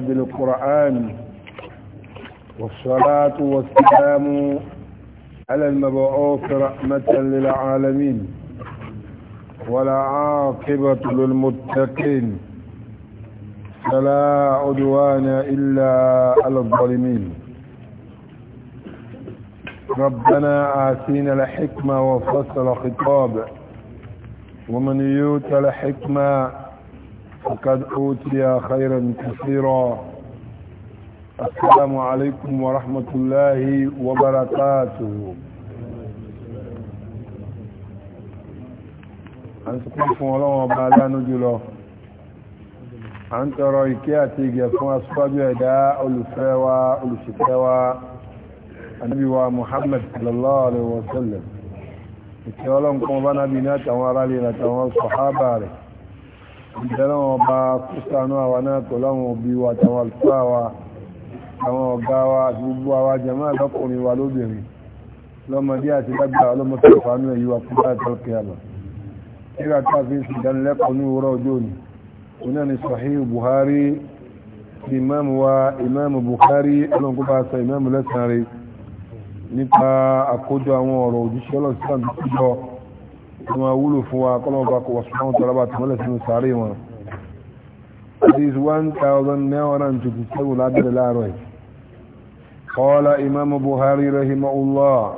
بالقرآن والصلاة والسلام على المبعوث رحمة للعالمين ولا عاقبة للمتقين فلا عدوان إلا على الظالمين ربنا آتينا الحكمة وفصل خطاب ومن يوت الحكمة وقد أوتي خيرا كثيرا السلام عليكم ورحمة الله وبركاته a ń sọpọ̀ fún ọlọ́wọ́n ọba alánú jùlọ a ń tọrọ ìkẹ́ àti ìgẹ̀ fún asúpájú ẹ̀dá olùfẹ́ wa olùṣìfẹ́ wa anábì wa Muhammad sallallahu alaihi wasallam ìkẹ́ ọlọ́nkọ́ ọba nábi ní àtàwọn aráàlú àtàwọn sọ̀hábà rẹ̀ ìjẹ́rán ọba kúsànú àwa náà tó láwọn òbí wa tàwọn àlùfáà wa àwọn ọ̀gá wa àti gbogbo àwa jàmáà lọ́kùnrin wa lóbìnrin lọ́mọdé àti lágbà ọlọ́mọdé ìfàánú ẹ̀yí wa fún bá tọ́kì àlọ́ a fi ń ṣìdánilẹ́kọ̀ọ́ ní òwúrọ̀ ọjọ́ òní òun náà Buhari imam wa imam Buhari ọlọ́nkúbà sọ imam lẹ́sàn-án rẹ̀ nípa àkójọ àwọn كما أقولوا فوا قلوا باقوا سبحانه وتعالى باتمنى سنو ساري وانا حديث 1997 لا دل لا روي قال إمام بخاري رحمه الله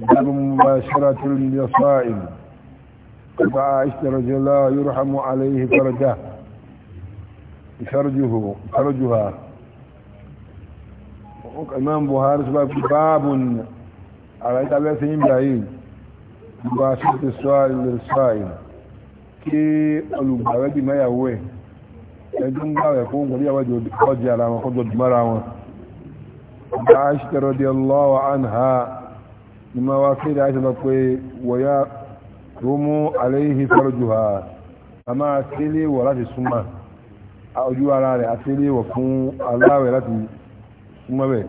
باب مباشرة للصائم فعائشة رضي الله يرحم عليه فرجه فرجه فرجها إمام بخاري باب على إتابة سنين بعيد bá ṣíkì sọ́ọ̀lì lè sọ́ọ̀lì kí olùgbàwẹ́ bí mẹ́yàwó ẹ̀ ẹjọ́ ń gbàwẹ̀ fún gbọ́dí àwọ́jọ ọjà ara wọn kọjọ dùmọ́ra wọn bá ṣíkì rọ́dí ọlọ́wọ́ àǹhà ni máa wá kéde àṣẹ lọ pé wọ̀yá rómú àléhì fọ́rọ̀jù ha a máa tẹ́lé wọ̀ láti súnmà ojú ara rẹ̀ àtẹ́lé wọ̀ fún aláwẹ̀ láti súnmọ́ bẹ̀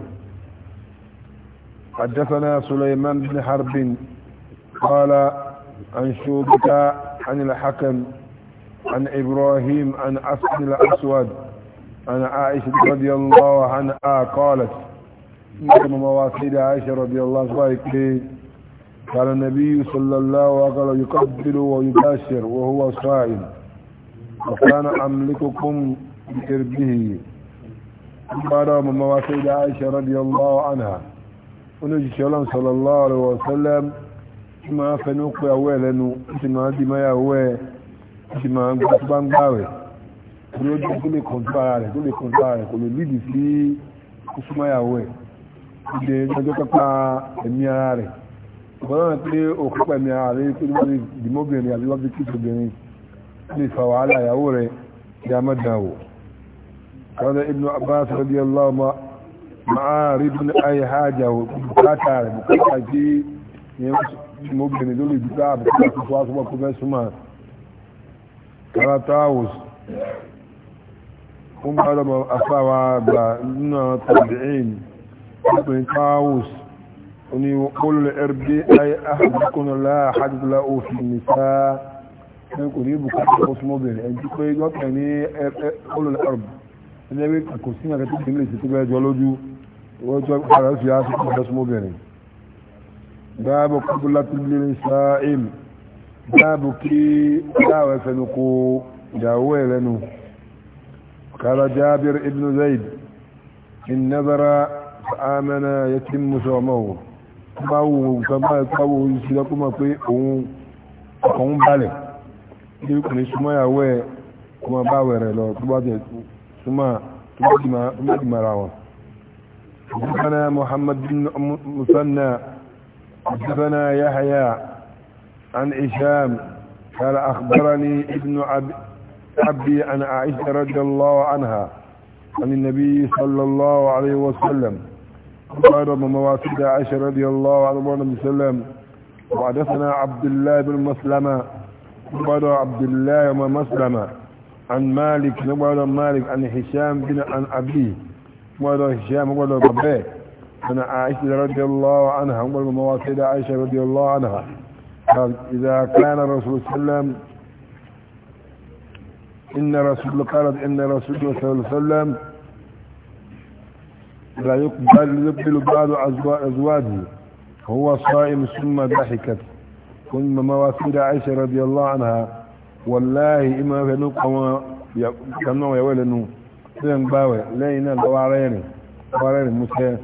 حدثنا سليمان بن حرب قال عن شوبك عن الحكم عن إبراهيم عن اسد الأسود عن عائشة رضي الله عنها قالت من مواسيد عائشة رضي الله عنها قال النبي صلى الله عليه وسلم يقبل ويباشر وهو صائم وكان أملككم بكربه قال من مواصيل عائشة رضي الله عنها ونجي صلى الله عليه وسلم tí máa fẹnu pé awọ́ ẹ̀ lẹ́nu tí máa di máyà awọ́ ẹ̀ tí máa gbá tó bá ń gbà rẹ̀ tó ló dé tó lè kọ̀ǹtó ara rẹ̀ tó lè kọ̀ǹtó ara rẹ̀ kò lè lídì sí kó súnmọ́ ìyàwó ẹ̀ ìdè ìjọjọ́ pápá ẹ̀mí ara rẹ̀ ìbọn náà pé òkú pẹ̀mí ara rẹ̀ pé wọ́n lè dìmọ́bìnrin àbí wọ́n fi kí obìnrin lè fa wàhálà ìyàwó rẹ̀ kí a wò. kọ́lá ibn Abbas radiyallahu máa rí bí ayé hájà wò bùkátà rẹ̀ bùkátà tí mo bèèrè lórí ìdíkà àbúkà tó fọ́ aṣọ́gbọ́ kó fẹ́ súnmọ́ karatawus ó ń bá lọ́mọ afáwa gbà nínú tàbíìn ọkùnrin tawus oní olùlẹ̀ ẹ̀rẹ́dẹ́ ayé ahàbùkúnnà láàájúlá òfin nìta kò ní bùkátà kó súnmọ́ bẹ̀rẹ̀ ẹ̀jú pé lọ́kẹ̀ ní olùlẹ̀ ẹ̀rẹ́dẹ́ ẹ̀lẹ́wẹ̀ kò sí àkẹ́tù ìpínlẹ̀ ìsìnkú bẹ́ẹ̀ jọ lójú wọ́n jọ ara fi á sí ọ̀dọ́súnmọ́ bẹ̀rẹ̀ باب قبلة للصائم باب كي دعوة سنقو جاوه لنو قال جابر ابن زيد إن نظر فآمنا يتم صومه كما هو كما يقوه يسلكما في òun balẹ̀ ní ọkùnrin súnmọ́ ìyàwó ẹ̀ kó máa báwẹ̀ rẹ̀ lọ tó bá jẹ súnmọ́ tó bá dìmọ̀ ara wọn. Ìjọba Muhammad bin Musanna حدثنا يحيى عن هشام قال أخبرني ابن أبي عن عائشة رضي الله عنها عن النبي صلى الله عليه وسلم قال مواسد عائشة رضي الله عنه وسلم وحدثنا عبد الله بن مسلمة قال عبد الله بن مسلمة عن مالك قال مالك عن هشام بن عن أبيه قال هشام قال ربيه أن عائشة رضي الله عنها أم المواصلة عائشة رضي الله عنها قال إذا كان الرسول صلى الله عليه وسلم إن رسول قالت إن رسول الله صلى الله عليه وسلم لا يقبل يقبل بعض أزواجه هو صائم ثم ضحكت ثم مواسيد عائشة رضي الله عنها والله إما يا كنوع يولنو سيان باوي لينا دوارين دوارين مسيح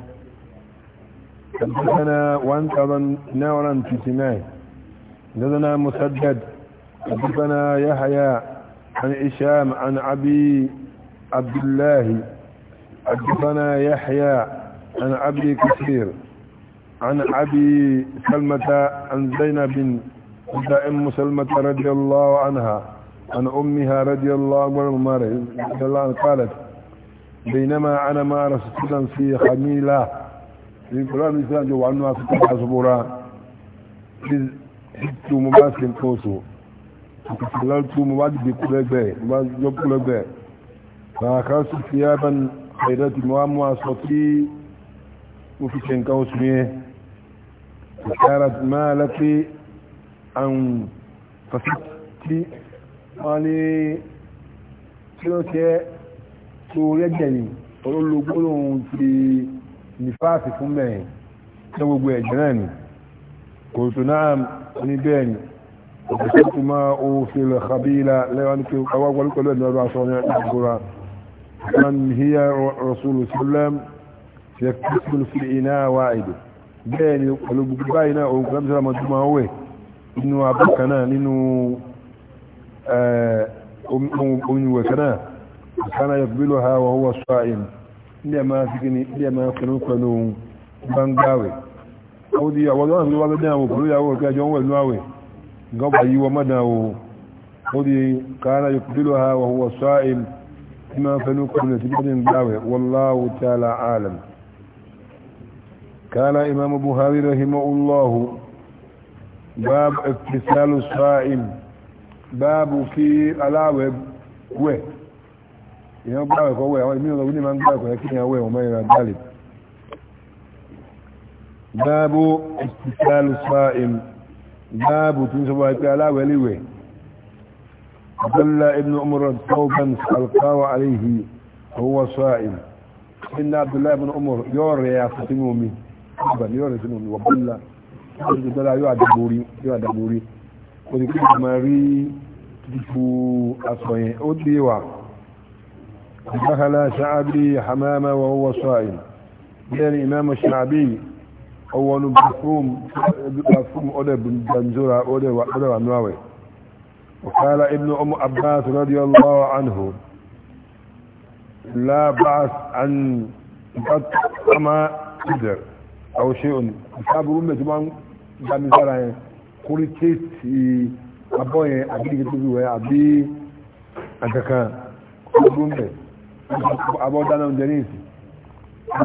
حدثنا 1959 حدثنا مسدد حدثنا يحيى عن هشام عن ابي عبد الله حدثنا يحيى عن ابي كثير عن ابي سلمة عن زينب بنت ام سلمة رضي الله عنها عن امها رضي الله عنها قالت بينما انا مع رسول الله في خميله ìpọ̀lá mi sílá jọ wà nínú afirika asọ́bọ̀ra tí mo bá ṣe nǹkan oṣù ìpìlẹ̀ tí mo bá dìde kú lẹ́gbẹ̀ mo bá jọ kú lẹ́gbẹ̀ màá kan sì fi ẹ̀bẹ̀ ẹ̀rẹ́ tí mo wá mú aṣọ tí mo fi ṣe nǹkan oṣù yẹn ìkára máa lẹ́pẹ́ àwọn fàṣítì wọ́n ní kí ló ṣe tó rẹ́jẹ̀ ni olólùgbòlóhùn ti nífàásì fún mẹ́rin ní gbogbo ẹ̀jẹ̀ náà ni kò tó náà ní bẹ́ẹ̀ ni òkùnkùn tó máa ó fi lè xabíla lẹ́wọ́n pé àwọn wọlé pẹ̀lú ẹ̀dùn ọdún aṣọ ọ̀nà ìgbòra man hiya rasulu sallam ṣe kúrò fi iná wa èdè bẹ́ẹ̀ ni pẹ̀lú gbogbo báyìí náà òun kọ́lá bísọ́lá máa dúmọ̀ wẹ̀ nínú abúkan náà nínú eh, omi wẹ̀ kan náà kan náà yẹ ilé ẹ̀mọ́ síkíní ilé ẹ̀mọ́ pẹ̀lú pẹ̀lú ohun bá ń gbáwẹ̀ ó di àwọn ọlọ́run ló wá bẹ́ dáwọ̀ pẹ̀lú ìyàwó ìkẹ́ ẹjọ́ ń wẹ̀ lúwàwẹ̀ gọ́bà yí wọ́n mọ́dà o ó di káàrà yóò pẹ̀lú ha wà wọ́ sọ́ọ̀ìm tí máa pẹ̀lú pẹ̀lú tí bá ń gbáwẹ̀ wallahu ta'ala alam kana imam buhari rahimahullahu bab iktisalu sa'im babu fi alawẹ̀ wẹ̀ èèyàn gbá ẹ̀kọ́ wẹ̀ àwọn ìmíràn onímọ̀ ń gbá ẹ̀kọ́ yẹ kí èèyàn wẹ̀ ọmọ ìrìn àgbàlè báàbù ìtìsálù sáìm báàbù tí ń sọ wá pé aláwẹ̀líwẹ̀ abdullahi ibn umar tawban alkawa alayhi huwa sáìm inna abdullahi ibn umar yóò rẹ̀ yà sínú omi ọba yóò rẹ̀ sínú ó ti wà دخل شعبي حمامة وهو صائم بين إمام الشعبي هو بفهم بفهم أولى بنزورة أولى وأولى وأنواوي وقال ابن أم عباس رضي الله عنه لا بعث عن أن تطعم قدر أو شيء أصحاب أمة جمعان بنزورة كل تيت أبوي أبي كتبي وأبي أتكا كل أمة abọ́dáná oúnjẹ ní ìsìn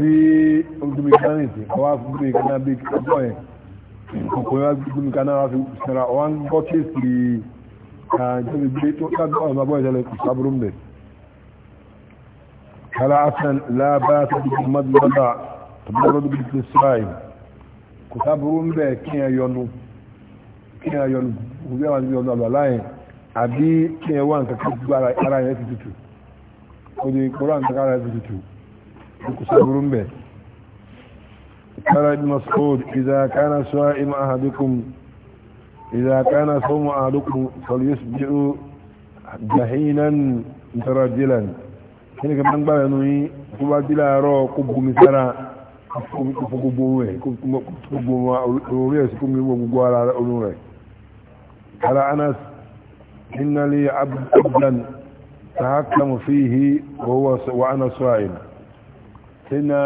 bí omi kaná ní ìsìn ọwá fún omi kaná bí ọjọ́ yẹn ọkùnrin wá omi kaná wá fi sinara ọwá ń gbọ́ kéèsì àjọbi gbé tó tábí ọ̀nà bọ́ ìṣẹ̀lẹ̀ kò sábúrú mbẹ̀ kala asan lábá tóbi tó mọ́tò lọ́dà tóbi lọ́dà tóbi kò sábúrú mbẹ̀ kí ẹ yọnu kí yọnu kò bí àwọn ìyọnu àbàláyìn àbí kí ẹ wá nǹkan kí ara yẹn ti tutù odi koran ta kara bitu ku saburun be قال ابن مسعود إذا كان صائم أحدكم إذا كان صوم أحدكم فليسبع جهينا مترجلا هنا كمان بقى نوي كوبا ديلا رو كوبو مسارا كوبو بوي كوبو روريس كوبو بوغوارا اولوري قال أنس إن لي عبدا تحكم فيه وهو وأنا صائم هنا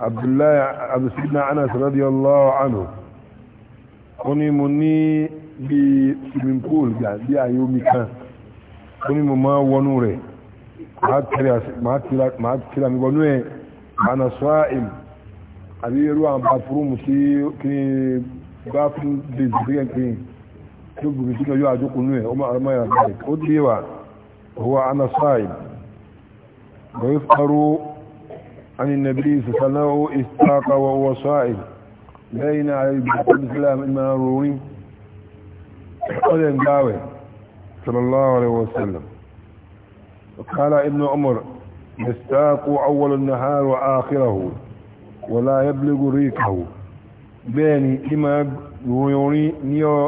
عبد الله عبد سيدنا أنس رضي الله عنه قني مني بسلمين بول بي أيومي كان قني مما ونوري ما أتكلا مبنوه أنا صائم أبي يروح عن بافرو مسي كني بافن دي زبيان كني تبقى تبقى يوعدوك نوه وما أرمي ربك قد بيوعد هو عن صائم ويفطر عن النبي صلى الله عليه وسلم استاق وهو صائم بين عليه السلام المنارورين قدم داوي صلى الله عليه وسلم قال ابن عمر يستاق أول النهار وآخره ولا يبلغ ريكه بين إما يوري نيو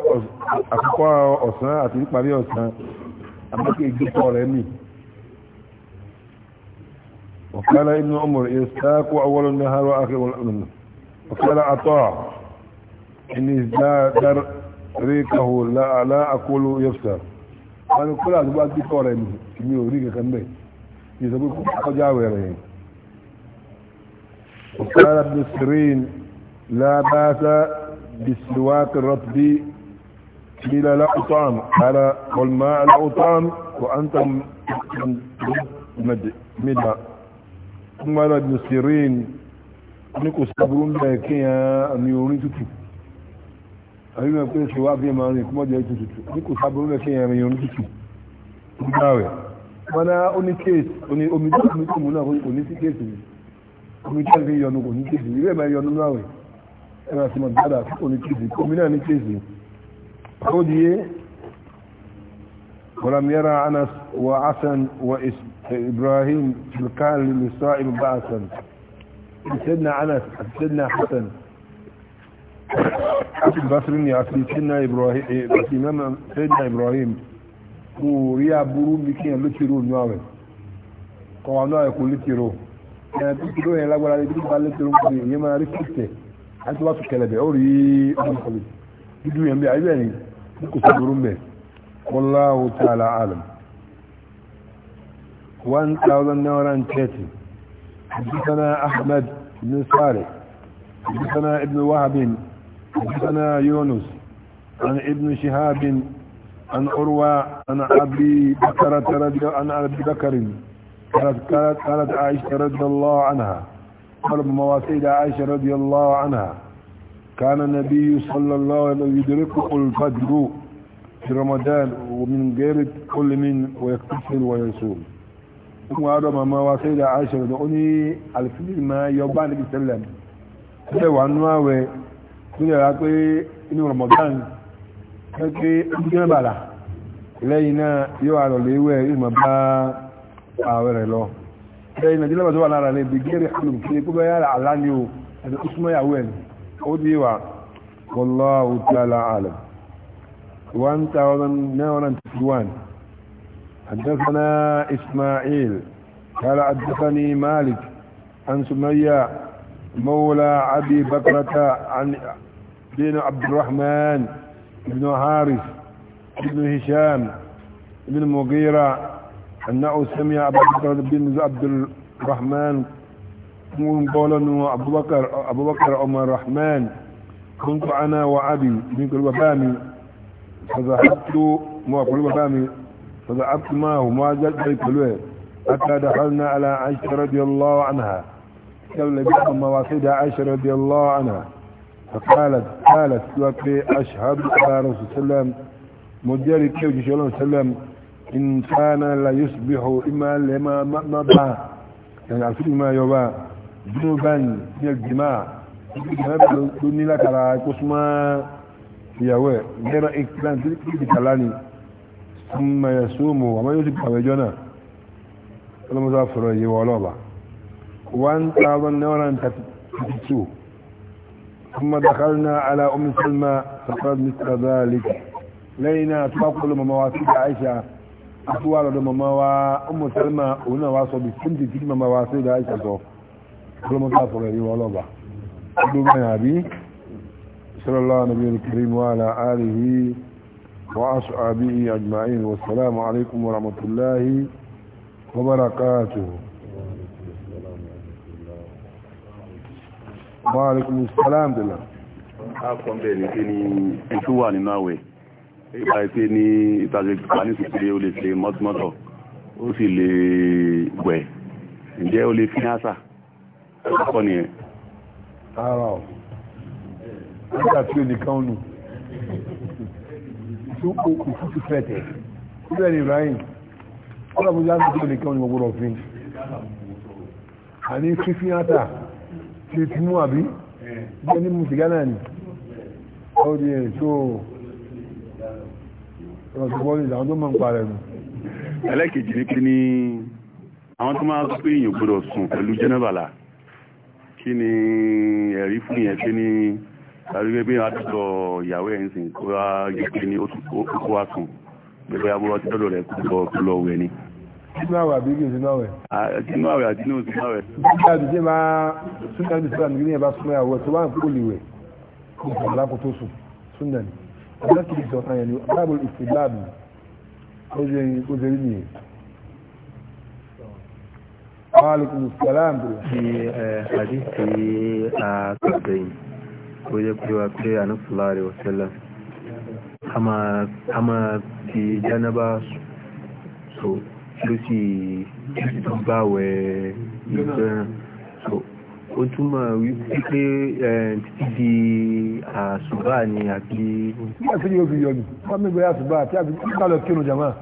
أكوا أسنان أتلقى بيه أسنان àbúkẹ́ ìgbẹ́kọ̀ rẹ̀ mì وقال ابن عمر إنساك أول النهار وآخر الأمن وقال عطاء إني لا در ريكه لا لا أقول يفسر قالوا كل هذا بعد بكورة كمي وريك كان بي يسبب قجاوة رين وقال ابن سرين لا باس بالسواك الرطبي قيل لا أطعم على والماء لا أطعم وأنت مدى ثم على ابن سيرين نكو سابرون بكيا ميورين تتو أيضا يقول سواء في ماني كما جاي تتو نكو سابرون بكيا ميورين تتو مداوي وانا أني كيس أني أميدو أميدو منا أني في كيس أميدو في يونو أني كيس يبقى ما يونو ناوي أنا سمع دادا أني كيس أميدو أني كيس عودية ولم يرى أنس وعسن وإبراهيم في الكهل لصائب بأسا سيدنا أنس سيدنا حسن أبي بصر يأتي سيدنا إبراهيم سيدنا إبراهيم وريا برو بكين لترو نوعه قوانا يكون لترو يعني تترو يلا ولا يترو لترو يما رفكته حتى واسو كلبي أوري أمي خلي بدو ينبي عيباني kò sí burú mẹ́ wallahu ta'ala alam 1930 حدثنا احمد بن صالح حدثنا ابن وهب حدثنا يونس عن ابن شهاب عن عروة عن أبي بكرة رضي عن أبي بكر قالت قالت عائشة رضي الله عنها قال مواسيد عائشة رضي الله عنها كان النبي صلى الله عليه وسلم يدركه الفجر في رمضان ومن غير كل من ويكتسل ويصوم ثم هذا ما وصل عائشة أني الفجر ما يبان النبي صلى الله عليه وسلم ṣe wà nú àwẹ̀ tó lè ra pé inú Ramadan ṣe pé ọdún bàlá lẹ́yìn náà yóò àrọ̀ léwẹ̀ ìmọ̀ bá àwẹ̀ rẹ̀ lọ lẹ́yìn nàìjíríà tó wà lára rẹ̀ bí gẹ́rẹ̀ àlùkí kó bẹ́ yára àlá ni o àti ó súnmọ́ ìyàwó ẹ̀ ni وا والله تعالى عالم تسوان حدثنا إسماعيل قال حدثني مالك عن سمية مولى أبي بكرة عن بن عبد الرحمن بن حارث بن هشام بن مغيرة أنه سمع أبا بكرة بن عبد الرحمن من قولنا أبو بكر أبو بكر عمر الرحمن كنت أنا وأبي من كل بامي فذهبت ما كل بامي فذهبت معه ما زلت بالكلوه حتى دخلنا على عائشة رضي الله عنها قبل بها مواصيد عائشة رضي الله عنها فقالت قالت وكي أشهد على رسول الله صلى الله عليه وسلم مجري كيف صلى الله عليه وسلم إن كان لا يصبح إما لما مضى يعني عرفت ما يبقى junuban ní ẹgbìmá ìgbìmá ló ní látara kó súnmọ́ ìyàwó ẹ̀ gẹ́rọ ìpínlẹ̀ tí kìí kàlá ni súnmọ́ ẹ̀ súnmọ́ àmọ́ yóò ti pàwẹ́ náà ọlọ́mọdé fọ̀rọ̀ yìí wọ ọlọ́ọ̀bà one thousand nine hundred and thirty two ثم دخلنا على أم سلمى فقالت مثل ذلك لينا تقول ممواسيك عائشة أتوالد مموا أم سلمى هنا واصل بسنتي تجمع ممواسيك عائشة صوف كلمة أفضل والله أبو بيابي صلى الله عليه الكريم وعلى آله وأصحابه أجمعين والسلام عليكم ورحمة الله وبركاته وعليكم السلام دلال akọ̀m bẹ̀rẹ̀ pé ní ẹ̀tú wà nínú àwẹ̀ ìgbà pé ní ìtàjẹ̀ ìgbà ní sísílẹ̀ ó lè ṣe mọ́tọ́mọ́tọ̀ ó sì lè wẹ̀ ǹjẹ́ ó lè fi ní àṣà ọkọ̀ ni ẹ̀ ara ọ̀ nígbà tí o nìkan nù tí ó kò fún ti fẹ́ tẹ̀ síbẹ̀ ni Ibrahim ọlọ́pù jáde tí o nìkan nù gbogbo òfin àní fífí átà tí ti mú àbí jẹ́ ní mùsùlùmí náà ni ó di ẹ̀ tó ọ̀sùgbọ́n ìlànà tó mọ̀ ń parẹ̀ nù ẹlẹ́kejì ní pé ní àwọn tó máa sọ pé èèyàn gbọdọ̀ sùn pẹ̀lú jẹ́nẹ́bàlá kí ni ẹ̀rí fún yẹn kí ni àríwẹ́ bí wọ́n adọ́dọ̀ ìyàwó ẹ̀ ń sìn kó wá yẹ kí ni ó kó wá sùn pẹ̀lú abúlọ́ ti dọ́dọ̀ rẹ̀ kó lọ wẹ̀ ni. sínú àwẹ̀ àbí kí n sínú àwẹ̀. sínú àwẹ̀ àti inú sínú àwẹ̀. bí a ti ṣe máa súnà ní sílẹ̀ nígbà bá súnmọ́ àwọ̀ tó bá ń kó lè wẹ̀ kó sùn lápò tó sùn súnà ní. ọ̀dọ́ kìí sọ Wàhálùkùn Sàlám bìrì. Fi àdìsí àkàtẹ̀yìn, ó yẹ kúrò wá pé ànúfùlá rẹ̀ wọ̀sẹ̀lá. A máa fi jánábà so ló sì tó gbàwẹ̀ ìgbẹ́ràn. Ó túmọ̀ wípé eh, títí di àṣùbà ah, ni àbí. Nígbà tí yóò fi yọ nù, wọ́n mi gbé àṣùbà àti àbí kálọ̀ kírun jàmáà.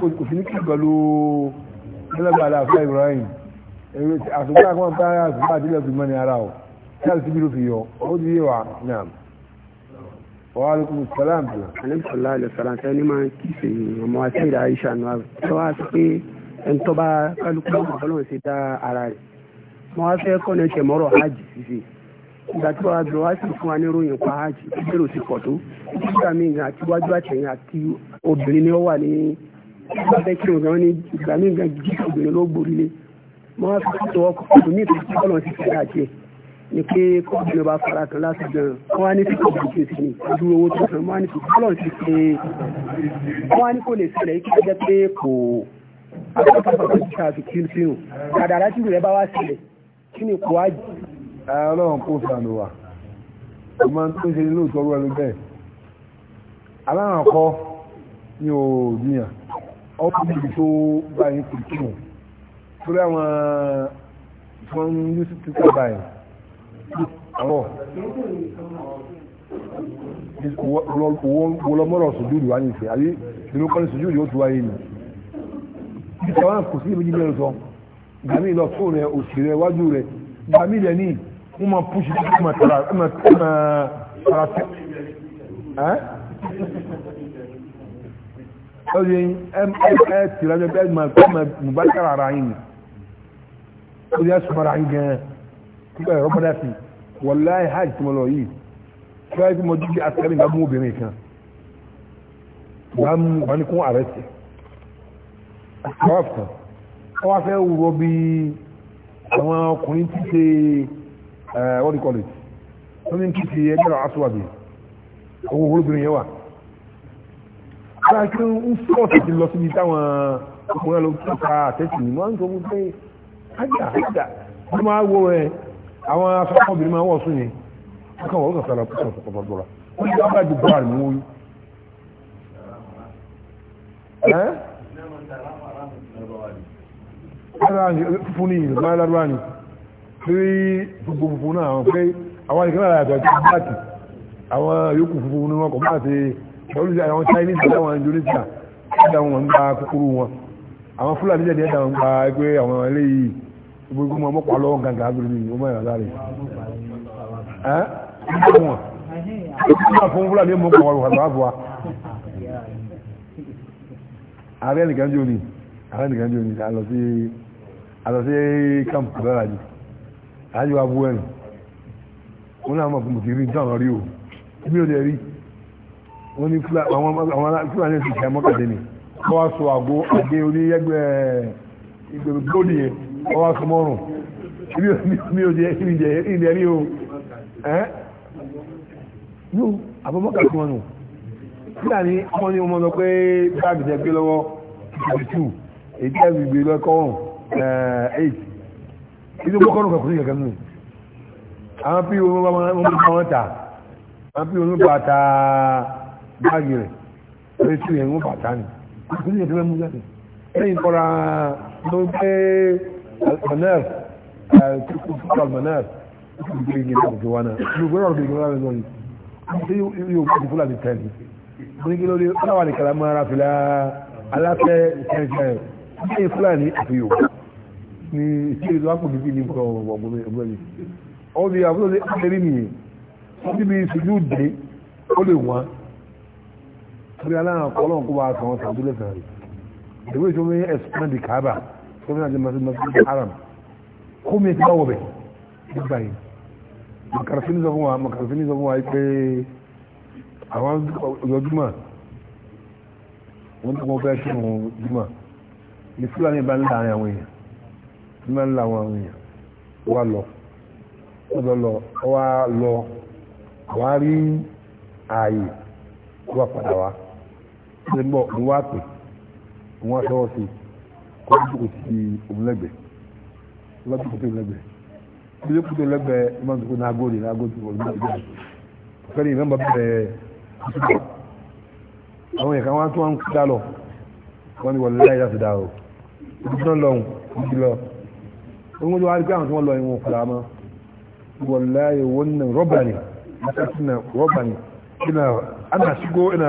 Kò sí kílẹ̀bù àlàáfíà Ibrahim èrè àtúgbà kan táyà àtúgbà àti ilẹ̀kùn mẹ́ni ara ọ̀ tí a ti bí ló fi yọ ó di yíwa náà wa alaikum salam alaikum sallallahu alaihi wasallam sai ni ma kise ọmọ wa sai Aisha nu abi to wa sọ pé en tó bá kálukú mo Ọlọ́run ṣe dá ara rẹ̀ mo wá fẹ́ ko ne se moro hajj sisi ìgbà tí wàá dùn wá sì fún wa ní ròyìn pa hajj ìbéèrè òsì pọ̀ tó nígbà ni nígbà fẹ́ kí òun ní ìgbà mí gan gidi obìnrin ló gbòrí lé mọ́ wá fi tó ọkọ̀ tó ní ìtòkí kọ́lọ̀ sí ìfẹ́ àti ẹ̀ ni pé kọ́bìnrin bá fara kan láti gan wọ́n á ní sí kọ́bìnrin tó sì ní ojú owó tó san wọ́n á ní sí kọ́lọ̀ sí pé wọ́n á ní kò lè ṣẹlẹ̀ kí ẹjẹ́ pé kò akọ́kọ́ tó ti ṣàfi kí sí hù kàdàrà tí rẹ̀ bá wá sílẹ̀ kí ni kò á jù. ọlọ́run kò sànù wà ọkùnrin ibi tó bá yín kò kí wọn torí àwọn fún yusuf tó kà báyìí àwọ̀ wọlọmọ́rọ̀ sùjúdù wá ní ìfẹ́ àbí ìlú kan sùjúdù yóò tó wáyé ni ìfẹ́ wọn kò sí ibi jíjẹ lọ sọ gàmí lọ tó rẹ òsì rẹ wájú rẹ gàmí rẹ ní wọn máa púṣù tó máa tara ẹ máa tara tẹ ẹ lórí ẹ tìrẹ ẹgbẹ ẹgbẹ mùbáríkà ara yín ni lórí ẹ sọmọ ara yín gan nígbà ẹ̀rọ padà sí wàláì hajj tí mo lọ yìí fẹ́ẹ́ bí mo dídí àtẹ́rìn bá mú obìnrin kan wàá mú wọn ni kún ààrẹ sí àwọn kan wọ́n wá fẹ́ wúrọ bí àwọn ọkùnrin ti ṣe ẹ̀ wọ́n di kọ́lẹ̀jì wọ́n ní kí ti ẹgbẹ́ rẹ̀ aṣọ àbí owó olóbìnrin yẹn wà láti ń sọ́ọ̀tì ti lọ síbi táwọn ọkùnrin lọ tó ta àtẹ́sì ní wọ́n ń tó mú pé ájà ájà wọ́n máa wọ ẹ àwọn afẹ́kọ̀ọ́bìnrin máa wọ̀ sún ni wọ́n kàn wọ́n kàn sọ̀rọ̀ pọ̀ pọ̀pọ̀pọ̀ra wọ́n ti dábàá ju bọ́ọ̀lù mú wọ́n. fún ni ìlú máa lárúbá ni pé gbogbo funfun náà pé àwọn ìkànnì àyàtọ̀ àti àwọn yòókù funfun ni wọ́n kọ̀ máa ṣe lórí àwọn chinese ẹ̀dá wọn indonesia ẹ̀dá wọn gba kúkúrú wọn àwọn fúlàní jẹ́ ẹ̀dá wọn gba ẹgbẹ́ àwọn eléyìí gbogbo ọmọ ọmọpàá lọ́wọ́ gàǹgà agbèrè ní ọmọ ìrìn àlá rẹ̀ ẹ́ ẹ̀dá wọn ẹ̀dá fún fúlàní ọmọ ọmọ ọmọ àbá bua ààrẹ nìkan jò ní ààrẹ nìkan jò ní àlọ́ sí àlọ́ sí kámpù lọ́la jù àájò abúwẹ̀rìn wọn náà mọ̀ fún mùtí rí ní táwọn rí o bí ó dẹ̀ rí wọ́n ní fúlàní ti jẹ́ mọ́kàdé ni wọ́n wá sọ àgbo àgbé orí ẹgbẹ́ ìgbèrò gbòdì yẹn wọ́n wá sọ mọ́rùn mi ò jẹ́ ìdẹ̀ rí o ẹ́ yóò àbọ̀mọ́kà tí wọ́n nù fúlàní wọ́n ní ọmọ sọ pé báàgì jẹ́ gbé lọ́wọ́ fifty two èyí tẹ́ gbé lọ́kọ́ wọn eh, eight ìdí mọ́kànlù kàkùnrin kẹ̀kẹ́ nù àwọn pí wọn bá wọn ta àwọn pí wọn bá ta báàgì rẹ̀ lórí tí ìyẹn ń bàtà ni kí ni ìdílé mú jáde lẹ́yìn kọ́ra ló ń pẹ́ almanel tuntun almanel ó ti gbé igi náà òkè wa náà yóò gbé ọ̀rọ̀ gbègbè láàrin lórí ṣé yóò gbé ìfúlà ti tẹ̀lé mo ní kí lórí ọlọ́wà ní kàlámọ́ ara fìlà aláfẹ́ ìṣẹ́ǹṣẹ́ ṣé ìfúlà ní àfi yòó ní ìṣe ìlú àpò bíbí ní bọ̀rọ̀ ọ̀gbọ̀n mi ó di àbúrò lé rí torí aláàrùn ọlọ́run kó wá sọ wọn sàdúlẹ̀ sàrẹ̀ ìwé tí wọ́n expand kaaba tó ní àjẹ́ masjid haram kó mi ti bá wọ̀ bẹ̀ nígbà yìí makarafini sọ fún wa makarafini sọ fún wa pé àwọn ọjọ́júmọ̀ wọ́n tó kọ́ fẹ́ kí wọ́n júmọ̀ ní fúlàní bá ń la àwọn èèyàn ní máa ń la àwọn èèyàn wà lọ ọ̀dọ̀ lọ wà lọ àwárí ààyè wà padà wá ṣe mọ́ òun wá pè òun aṣọ́wọ́ sí kó ní kò sí òun lẹ́gbẹ̀ẹ́ lọ́jọ́ kò sí òun lẹ́gbẹ̀ẹ́ bí ó kú tó lẹ́gbẹ̀ẹ́ ó máa ń tukọ̀ náà góòlì náà góòlì òun náà góòlì fẹ́ẹ́ ní ìmọ̀ bẹ̀rẹ̀ àwọn ìkan wá tó wọn dá lọ wọn ni wọ́n láyé láti dá o ìdí náà lọ́hùn ìdí lọ ogun tó wá rí pé àwọn rọ́bà ni ina ana shigo ina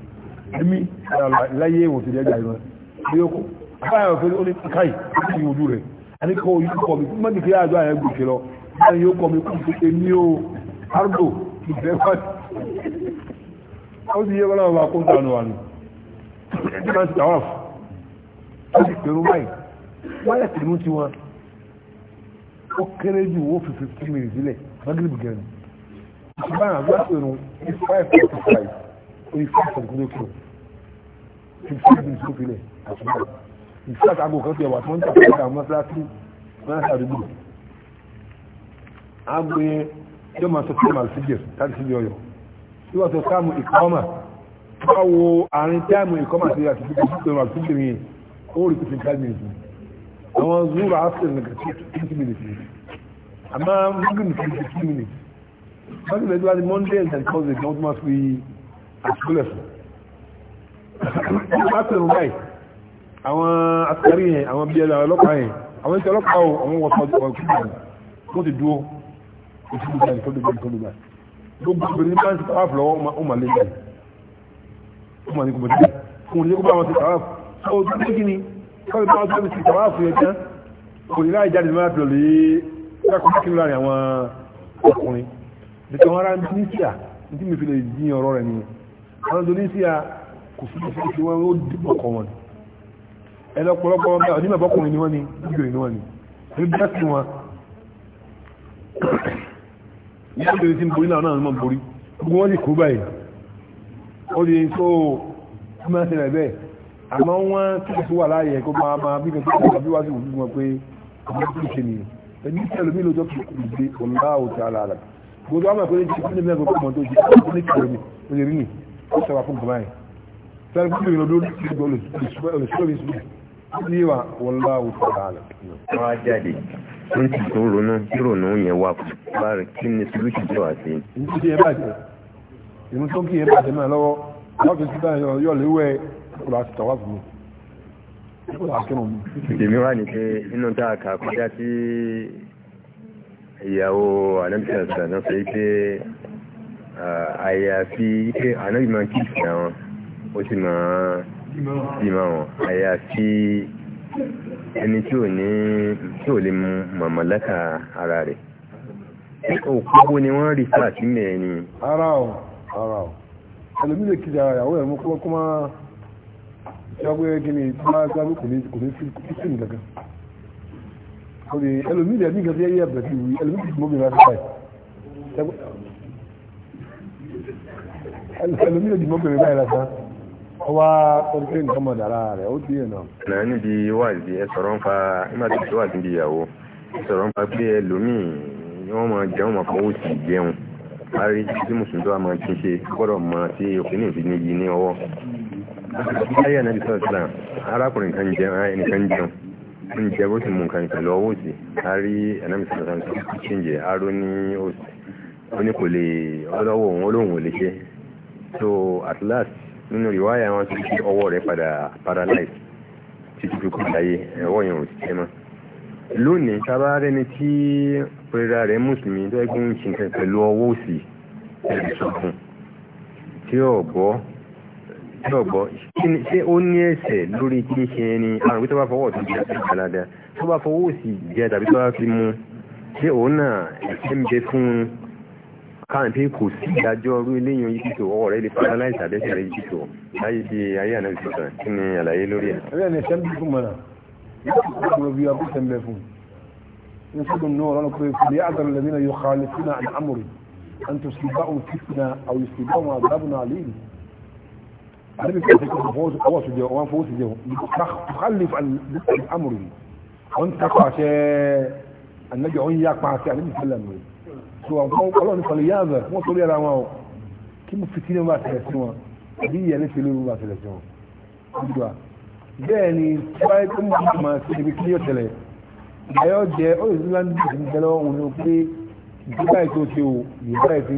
ẹ̀mí láyé ìwò ti jẹ́ ìgbà yóò báyọ̀ pé ó ní káì ní ojú rẹ̀ àníkọ́ ojú kọ̀ mi mọ́ nìkẹ́ àjọ àyẹ̀ gùnkẹ́ lọ báyọ̀ yóò kọ̀ mi kú pé ní o ardo ìfẹ́ pàtì ó ti yẹ wọn láwọn bá kó ń tànù wà ní ẹni máa ń tà wọ́n ó sì pẹ̀rú báyìí wọ́n yẹ tìlú ti wọn ó kéré jù ó fi fifteen minutes sílẹ̀ magrebi gẹ̀rẹ̀ ìṣùgbọ́n àgbà pẹ̀rù is five forty five ìfẹ́ àtàkùnlókè ìfẹ́ àtàkùnlókè àtúntò ìfẹ́ àtàkùnlókè ti ẹ̀wà tó ń tàkùnlókè àwọn mọ́sálásí mọ́sálásí àgbò yẹn yóò máa sọ sílẹ̀ màlúfíjẹ̀ láti sílẹ̀ ọyọ̀ tí wọ́n sọ sáàmù ìkọ́mà báwo àárín táàmù ìkọ́mà sí àti sílẹ̀ màlúfíjẹ̀ yẹn ó rí kùtù ten minutes àwọn zúrà áfíríkà nìkan twenty minutes àmọ́ mọ́gìrì nìkan twenty minutes mọ́gìrì nìkan monday and thursday kan tó máa fi àtúnlẹ̀ fún nípa tẹ̀rù báyìí àwọn asikarí yẹn àwọn bíi ẹ̀dà ọlọ́pàá yẹn àwọn ìṣẹ́ ọlọ́pàá o àwọn wọ̀sán ọ̀kúnlẹ̀ wọ́n ti dúró ìṣúlù báyìí tó dúró ìṣúlù báyìí gbogbo obìnrin bá ń ti tàwáfù lọ́wọ́ ó mà lé báyìí ó mà ní kòmọ̀tì fún un ní kó bá wọn ti tàwáfù ó tó dé kí ni káwé bá wọn àwọn Indonesia kò sí ẹsẹ̀ tí wọ́n ó dìbò kọ́ wọn ẹlọpọlọpọ ọmọ onímọ̀ bọ́kùnrin ni wọ́n ni gbígbèrè ni wọ́n ni ní bẹ́ẹ̀kì wọn ní ọdún tí ń borí náà náà mọ́ borí gbogbo wọ́n sì kó báyìí ó di tó máa ṣẹlẹ̀ bẹ́ẹ̀ àmọ́ wọ́n tún ti wà láàyè kó máa máa bí kan tó bí wá sí òfin wọn pé àwọn tó ṣe nìyẹn ẹni tẹ́lẹ̀ mí lójọ́ kìí gbé ọ̀la ní mẹ́rin ó sọ̀rọ̀ fún gbọ́máyì sẹ́ni kí ló lọ́dún ní ìgbà olùsọ́lọ́bí sílẹ̀ ní ìwà wọn láwù sọ̀rọ̀ àlẹ́. wọ́n á jáde ní ti tó ronú kí ronú yẹn wà kù bá rẹ̀ kí ni solution tó wà sí. ìmú tó yẹ bàjẹ́ ìmú tó kí yẹ bàjẹ́ náà lọ́wọ́ láti ti bá yọ léwẹ́ kúrò àti tọ̀wá fún mi. èmi wà ní pé inú tá a kà kọjá sí ìyàwó àlẹ́ mi sọ̀rọ̀ àyàfi pé ànábì máa kí ìsìn àwọn ó sì máa bí máa wọn àyàfi ẹni tí ò ní tí ò lè mu màmàlẹ́kà ara rẹ̀ òkúgbó ni wọ́n rí fà sí mẹ́ẹ̀ ni ara ọ̀ ara ọ̀ ẹlòmí lè kíjà ìyàwó ẹ̀mú kọ́ kọ́ máa ṣàgbé gíní tí máa gbábí kò ní kò ní sí ní gangan ó lè ẹlòmí lè ní nǹkan tí yẹ yẹ bẹ̀rẹ̀ sí ìwé ẹlòmí lè mọ́bìnrin láti báyìí ẹlòmíràn jùmọ́ bèrè báyìí lásán ọwá pẹ̀lú nǹkan mọ̀ dára rẹ̀ ó ti yẹ̀nà. nà níbi wáàzì ẹ sọ̀rọ̀ ń fa nígbà tó ti wáàzì níbi ìyàwó ẹ sọ̀rọ̀ ń fa pé ẹlòmíì wọ́n máa jẹun máa fọwọ́ sí jẹun parí tí mùsùlùmí wa máa ti ṣe gbọ́dọ̀ mọ tí òfin ìfi ní yìí ní ọwọ́. ayé na sọ̀rọ̀ sílá arákùnrin kan jẹun ẹnìkan jẹun ń jẹ bó ti mú nǹkan pẹ̀lú ọwọ́ òsì parí ànábi sọ̀rọ̀ sílá ṣíńjẹ aró ní òsì ó ní kò lè ọlọ́wọ́ òun olóhùn ò lè ṣe so at last nínú ìwáyà wọn ti fi ọwọ́ rẹ̀ padà paralyze títí fi kú láyé ẹ̀wọ́ yẹn ò ṣiṣẹ́ mọ́ lónìí sábà rẹni tí pẹ̀lú rẹ̀ mùsùlùmí tó ẹgbẹ́ ń ṣiṣẹ́ pẹ̀lú ọwọ́ òsì ẹ̀rù sọ̀kun tí ọ̀gbọ́ tí ọ̀gbọ́ ṣé ó ní ẹ̀ṣẹ̀ lórí kí ń ṣe ẹni àrùn tó bá fọwọ́ tó jẹ́ àti ìgbàládà tó bá fọwọ́ òsì jẹ́ tàbí tó bá fi mu ṣé òun náà ẹ̀ṣẹ̀ ń bẹ fún un káwọn pé kò sí ìdájọ́ ọrú eléyàn yìí tó ọwọ́ rẹ̀ lè paralyze àbẹ́sẹ̀ rẹ̀ yìí tó láyé bí ayé àná ìṣòkan kí ni àlàyé lórí ẹ̀. ẹ̀rẹ́ ni ṣẹ́ ń bí fún mọ́nà yóò bí abú sẹ́ńbẹ̀ fún ní sọ́dún náà rọ́nà pé kò lè àdàrà lẹ́nà yóò xa fún àná àmúrí à ń òun fífi na àwọn ìsìn òun àbúrò náà lè sí wọn o kí mo fìtí ní wọn bá tẹ̀lẹ̀ sí wọn àbí ìyẹn ní tẹ̀lé wọn bá tẹ̀lẹ̀ sí wọn. àdúrà bẹ́ẹ̀ ni tíwáyé tó máa ń máa ṣe ibi kí yóò tẹ̀lẹ̀ ìdáyọ̀ jẹ́ ó lè dúró láti dùn jẹ́ lọ́wọ́ òun pé ìdúgbà ètò ṣe o ìdúgbà ètò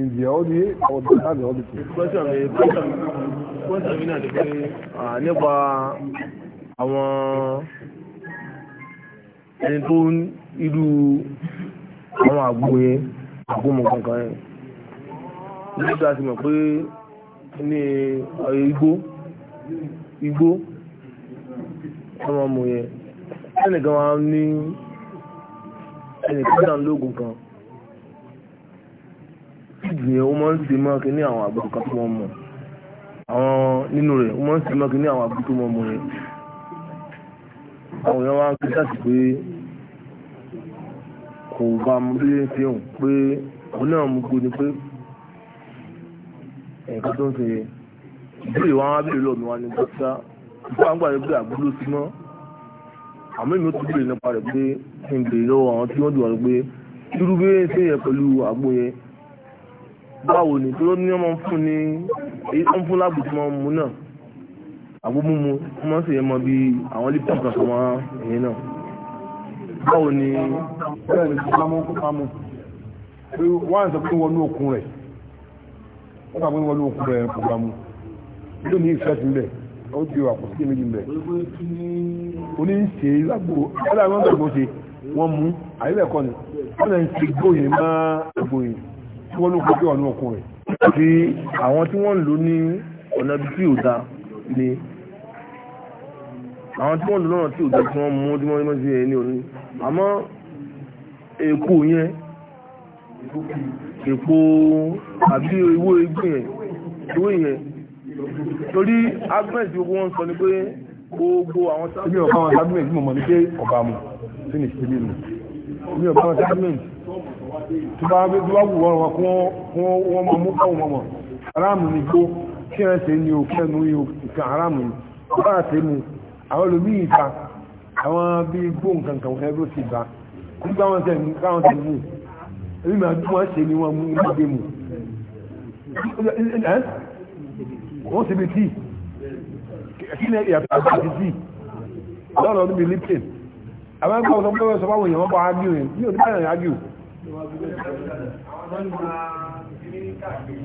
ìjẹ́ ó ní ọ̀dọ̀ láti ọ̀dọ̀ tó. pọ́sọ̀ mi náà ti pé nípa àwọn àgbo yẹn àgbo kankan yẹn nígbà tí mo pé ní eh, igbó igbó ọmọ mo yẹn ẹnìkan wa ní ẹnìkan dà lóògùn kan fíjì ó máa ń ṣe máa kíní àwọn àgbo kan tó mọ̀ àwọn nínú rẹ̀ ó máa ń ṣe máa kíní àwọn àgbo tó wọ́n mọ̀ yẹn àwọn èèyàn wa kí sáà sí pé kò bá mu bí ń ṣe hùn pé òun náà mú gbóni pé ẹ̀ka tó ń ṣe ìbéèrè wọn á béèrè lọ́ọ̀mí wa ní dókítà ìfọ̀ àwọn gbàgbé pé àgbúrò sí mọ́ àmọ́ èmi ó ti béèrè nípa rẹ̀ pé kí n béèrè lọ́wọ́ àwọn tí wọ́n dùn ọ́ pé irú bí ń ṣe yẹ pẹ̀lú àgbo yẹn báwo ni tó ní ọmọ fún ni èyí tó ń fún lágbo tí wọ́n mú náà àgbo mímu wọ́n máa ń mọ bí àwọn lipton kan sọ mọ́ ẹ̀yìn náà báwo ni bẹ́ẹ̀ ni pamọ́ pamọ́ pé wọ́n sọ pé wọnú òkun rẹ̀ wọ́n sọ pé wọnú òkun rẹ̀ kò pamọ́ ló ní ìfẹ́ sí bẹ̀ ó ti wà kò sí méjì bẹ̀ oní ń ṣe lágbo ẹ̀dá wọn gbàgbọ́ ṣe wọ́n mú àyẹ̀bẹ̀ kọ́ wọ́n lè ń ṣe má gbóyè tí wọ́n ló pé wọnú òkun rẹ̀. àti àwọn tí wọ́n lò ní ọ̀nà ibi tí ò da ni àwọn tí wọ́n lò lọ́nà tí ò da tí wọ́n mú tí wọ́n mú sí ẹni òní àmọ́ èkó yẹn èpo àbí ewé igbó yẹn ewé yẹn torí agbẹ́ǹt gbogbo wọn sọ ni pé gbogbo àwọn sábẹ́ mi ní pé ọ̀bà mu sí ni sí nínú mi ọ̀pá wọn sábẹ́ mi bá wá wá wù wọn wọn kún wọn mọ mú káwọn mọ aráàmù ni gbó kí ẹ ṣe ni o kí ẹnu yìí aráàmù ni bá àwọn bí gbóhùn kankan wọn ló ti bá kú báwọn tẹ̀ mú báwọn tẹ̀ mú èmi máa dún wọn ṣe ni wọn mú ní gbé mu wọ́n ṣe bí tíì kí ni ìyàtọ̀ àgbà àti tíì lọ́rọ̀ ọdún bíi lipton àwọn ẹgbẹ́ ọ̀sán pẹ́wẹ́ sọ fáwọn èèyàn wọ́n bá ágíù yẹn ní òní báyìí ágíù Thank you.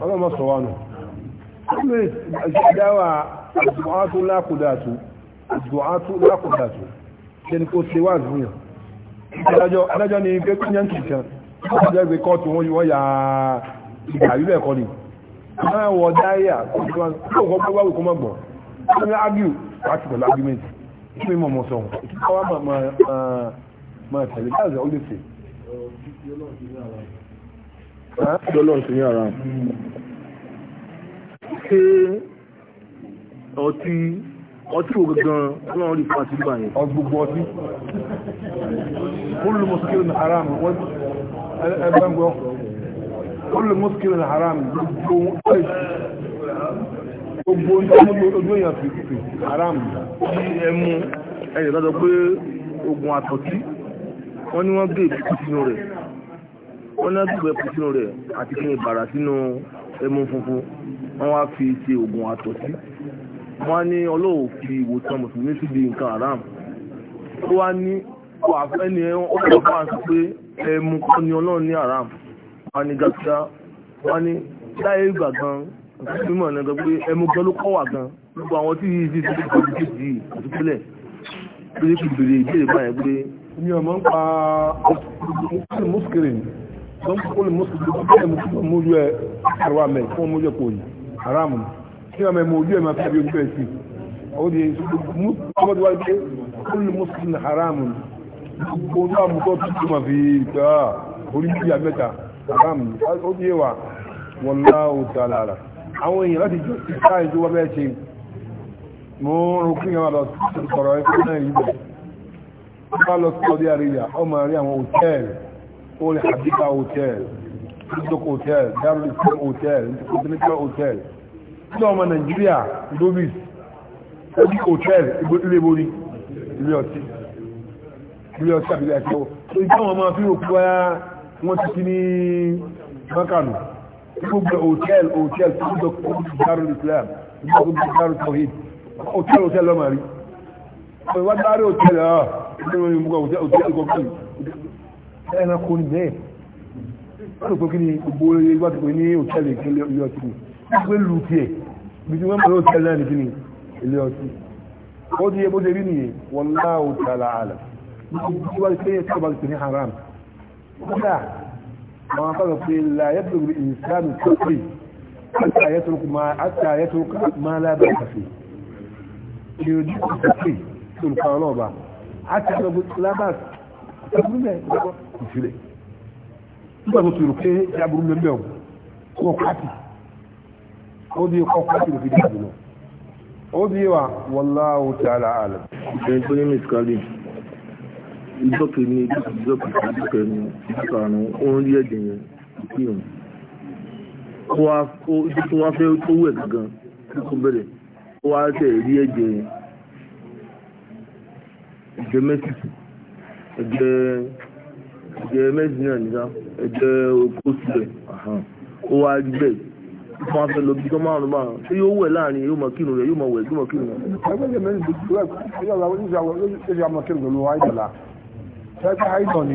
Ọlọ́mọ sọ wa nù sọ́mọ̀ ìdáwà àdùátú lákùdàtù àdùátú lákùdàtù ṣe ni kò ṣe wà níyàn adájọ́ ni pé kí yẹn kìkan ọjọ́ ìgbé kọ́ọ̀tù wọn yíwọ́n ya ìgbà wíbẹ̀ kọ́ ni máa wọ dáyà kó kọ́ pé wáwì kó mọ̀ gbọ̀n ó ní ágíù láti pẹ̀lú argument kí mi mọ̀ mọ̀ sọ̀rọ̀ kí wọ́n máa tẹ̀lé káàzẹ̀ ó lè fè. Ọlọ́run ti ní ara ṣe ọtí ọtí wo gangan ọlọ́run rí fún àti gbà yẹn. ọgbogbo ọtí olùmọ̀síkìlì ní haram ẹgbẹ́gbọ́ olùmọ̀síkìlì ní haram gbogbo ojú èèyàn fi haram ẹmu ẹ̀yẹ̀ lọ́dọ̀ pé ogun àtọ̀tí wọ́n ní wọ́n gbé ìpìtìnú rẹ̀ wọ́n ní wọ́n gbé ìpìtìnú rẹ̀ àti kí ni bàrà sínú ẹmu funfun wọ́n wá fi ṣe oògùn àtọ̀sí wọ́n ní ọlọ́wọ́ fi ìwòsàn mùsùlùmí sí di nǹkan haram ó wá ní ọ̀pọ̀ àfẹ́ni ọ̀pọ̀ fún àti pé ẹmu kọ́ ni ọlọ́run ní haram wọ́n ní gàtíà wọ́n ní láyé ìgbà gan mímọ̀ náà gan pé ẹmu gan ló kọ́ wà gan gbogbo àwọn tí yìí ti ti kọ́ ti di àtúntúlẹ̀ pé kí bèrè ìbéèrè báyẹn pé. mi ò mọ̀ ń pa mùsùlùmí mùsùlùmí tó ń kó mùsùlùmí tó ń mú yẹ àrùwà mẹ́ fún mú yẹ kò yìí haramu kí wọ́n mẹ́mọ ojú ẹ̀ máa fẹ́ bí ojú ẹ̀ sí ọwọ́ di ọmọdé wáyé pé kúlù muslim haramu gbogbo ojú àmúkọ́ tó tó máa fi tẹ́ à orí bí abẹ́ta haramu ó di ẹwà wọn láwù tá a lára àwọn èèyàn láti jọ sí sáyẹn tó wá bẹ́ẹ̀ ṣe mo ń ro kí wọn lọ sí sọ̀rọ̀ ẹ̀kọ́ náà yìí bẹ̀ wọ́n bá lọ sí Saudi Arabia ọmọ rí àwọn hòtẹ́ẹ̀lì ó lè Hadika hòtẹ́ẹ̀lì Hotel, Darul Islam Hotel, Continental Hotel, ní ọmọ Nàìjíríà lobis ẹbí hotel ilé borí ilé ọtí ilé ọtí àbílẹ̀ àti ọwọ́ tó ìgbà wọn máa fi òkú wáyá wọ́n ti kí ní makanu gbogbo hotel hotel tó gbogbo kọ́ọ̀tù darul Islam gbogbo darul tawhid hotel hotel lọ́mọ rí wọ́n wá dárí hotel ọ̀ ẹ̀ẹ́nà kò ní bẹ́ẹ̀ wọ́n rò pé kí ni gbogbo ẹgbẹ́ àti pé ní hotel ìkẹlẹ̀ ọtí gbé lù tiẹ̀ bí tí wọ́n mọ̀ ló tẹ́lẹ̀ náà nìkíni ilé ọtí ó ti yẹ bó ṣe rí nìyẹn wallahu ta'ala alam nítorí wọ́n ṣe yẹ tí wọ́n bá ti ní haram kódà àwọn afẹ́rẹ́ pé láyé tó rí ìsìlámù tó pè àtàyẹ tó máa lábẹ́ kàfé ìròjú kò tó pè tó lùkọ́ ọlọ́ọ̀bà àtàyẹ tó lábẹ́ kàfé ìfilẹ̀ nígbà tó ti rò pé ìyá burú lẹ́mẹ̀ ọ̀ kó káàkiri ó di kọ́ fásitì fi dájú lọ ó di wà wallahu ta'ala alam. ẹni tó ní mìsíkálì ìjọkè ní ìjọkè ìjọkè ní ìjọkànù òun rí ẹ̀jẹ̀ yẹn kí òun ibi tó wá fẹ́ tó wẹ̀ gangan kí kò bẹ̀rẹ̀ ó wá tẹ̀ rí ẹ̀jẹ̀ yẹn ẹ̀jẹ̀ mẹ́sìkì ẹ̀jẹ̀ ẹ̀jẹ̀ mẹ́sìkì náà nígbà ẹ̀jẹ̀ okó sílẹ̀ ó wá rí bẹ́ẹ̀ ọmọ afẹ́ lọ bí tọ́mọ àrùn márùn tí yóò wẹ̀ láàrin yóò mọ kírun rẹ̀ yóò mọ wẹ̀ yóò mọ kírun rẹ̀. ẹgbẹ́ mi ní ìdílé ìyàwó ìyàwó ìyàwó kírun pẹ̀lú àìdọ̀là ẹgbẹ́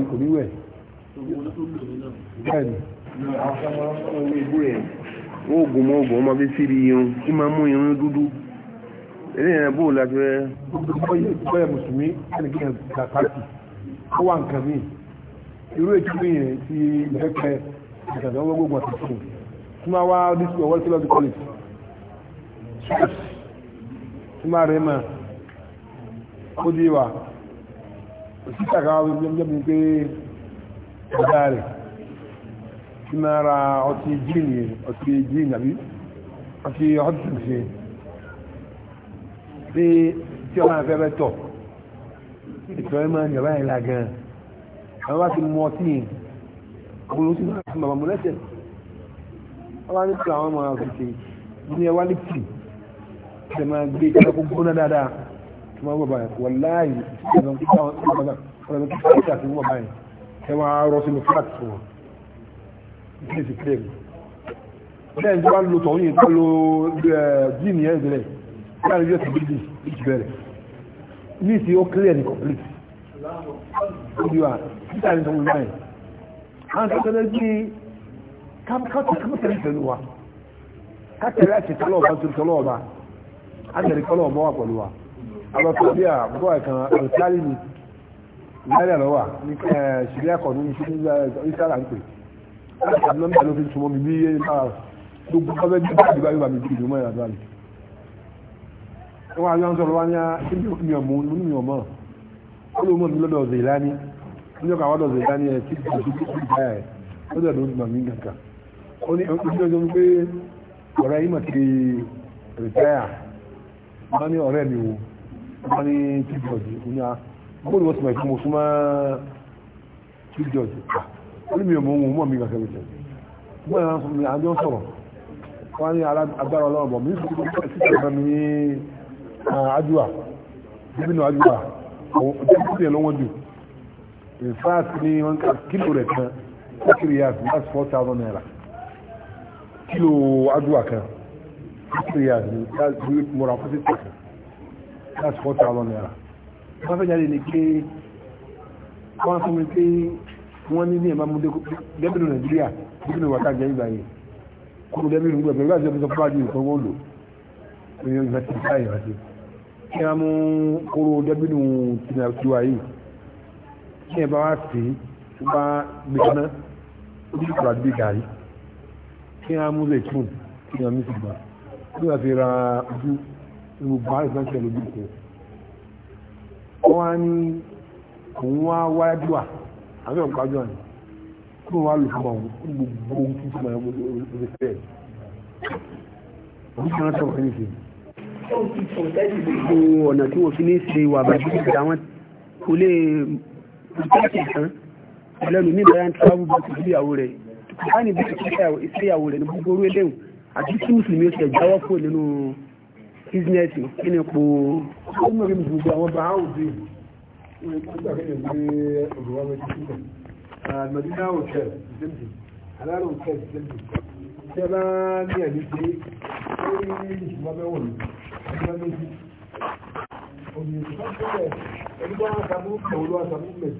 àìdọ̀ kàkàtì ó wà nǹkan míì irú ètò yẹn ti ìfẹ́ kẹ ìtàdánwó gbogbo tí máa wá this way world theology college swift tí máa rẹ̀ mọ̀ ó di wa òṣìṣẹ́ àkàwà jẹ́bi pé ọ̀dá rẹ̀ tí máa ra ọtí jíìn yẹn ọtí jíìn àbí ọtí ọdún ṣe pé tí ọmọ afẹ́fẹ́ tọ̀ ìtọ́ ẹ máa ń yọ̀bá yẹn gan-an àwọn bá ti mú ọtí yẹn àwọn wá ní pìlà àwọn ọmọ àfìsè ní ẹwà ní pì ṣe máa gbé kẹ́kọ̀ọ́ gbóná dáadáa tó máa wọ̀ báyìí wọ̀ láàyè ìṣẹ̀lẹ̀ nípa àwọn ọmọ náà ọ̀rọ̀ nípa ìṣẹ̀lẹ̀ àti wọ̀ báyìí ẹ máa rọ sínú fúláàtì wọn ní ti pè mí bẹ́ẹ̀ ní wọ́n lo tọ̀hún yìí tó lo jíìnì ẹ̀ ìbílẹ̀ láàrin yóò ti bí di ìbẹ̀rẹ̀ ní ìsìn ó clear ní complete ó di wa títà kámọ́tẹ̀lẹ́ pẹ̀lú wa kátẹ̀lẹ́ àti tọ́lọ́ọ̀bá tó tọ́lọ́ọ̀bá ádẹ̀rẹ̀ kọ́lọ́ọ̀bá wà pẹ̀lú wa alọ́tọ̀bí àbúrò ẹ̀kan alùsálì ni ìgbàlẹ̀ lọ́wà ní ṣìlẹ̀ ẹ̀kọ́ ní ṣe ìsára ń pè láti àbúrò mẹ́ta ló fi súnmọ́ mi bí gbogbo ọbẹ̀ bí bá ìgbà yóò bá mi bí ìdùnmọ́ ìrìn àdúrà yìí wọ́n á yọ ń sọ̀rọ̀ wá o mi ọ̀mọ́ mi ọ̀mọ́ ó o mọ̀ mí lọ́dọ̀ ọ̀zẹ̀ ìlání níjọ́ kàwọ́dọ̀ ọ̀zẹ̀ o ẹ̀ tí kò sí kí ó ti bá ẹ̀ lọ́dọ̀ ọ̀dọ̀ ọ̀dọ̀ mi nǹkan ó ní ọdún ọdún pé ọ̀rẹ́ yìí mọ̀ ti rìtáyà wọ́n ní ọ̀rẹ́ mi wò wọ́n ní chief judge ní a ah, bóòlù wọ́n ti mọ̀ mo súnmọ́ chief judge ah, ó ní mi ò mọ̀ ohun mọ̀ mi kàkẹ́ mi jẹ́ bóòlù náà fún mi àjọ sọ̀rọ̀ wọ́n ní agbára ọlọ́run bọ̀ mi sì ti sọ̀rọ̀ mi ní adua gómìnà adua àwọn ọjọ́ lọ́wọ́ jù in fact ni wọ́n kà kílò rẹ̀ kan ó kiri naira kílò adúwà kan kíkìrìyà ní láti mọ́ra fún títà kan láti fọ́ta àwọn náírà wọ́n fẹ́ jáde ní pé wọ́n fún mi pé wọ́n ní ní ẹ̀má mú dẹ́bìnú nàìjíríà dẹ́bìnú wà káàkiri ìgbà yìí kúrò dẹ́bìnú gbogbo ẹgbẹ́ àti ọmọ fúnra jù nǹkan wọ́n lò ní ìfẹ́sí báyìí wá sí ó bí kúrò àdúgbò gàrí kí á mú lẹ́tún kí á mú ṣùgbọ́n kí á fi ra ojú nínú bá ìfẹ́sẹ̀ lójú kù wọ́n wá ní òun wá wáyájúwà àbí ọ̀pájúwà ni kí wọ́n wá lò fún ọ̀hún gbogbo ohun tí wọ́n mọ̀ ní fẹ́ òun kí wọ́n tọ̀wọ́ ní ṣe. gbogbo ọ̀nà tí wọ́n fi ní ṣe wà bàjẹ́ ìgbà wọn kò lè pẹ̀lú mi bẹ́ẹ̀ ń travel bá ti ìyàwó rẹ̀ láàrin bí ìṣẹ́yàwó rẹ̀ ní gbogbo orí eléhùn àti tí mùsùlùmí ó ṣe jáwọ́ kó nínú bísínẹ́sì nínú ipò ọmọrin gbogbo àwọn bá áwù dé Omi ìsọ́sílẹ̀ ẹgbẹ́ àtàmúkẹ̀ olú àtàmúkẹ̀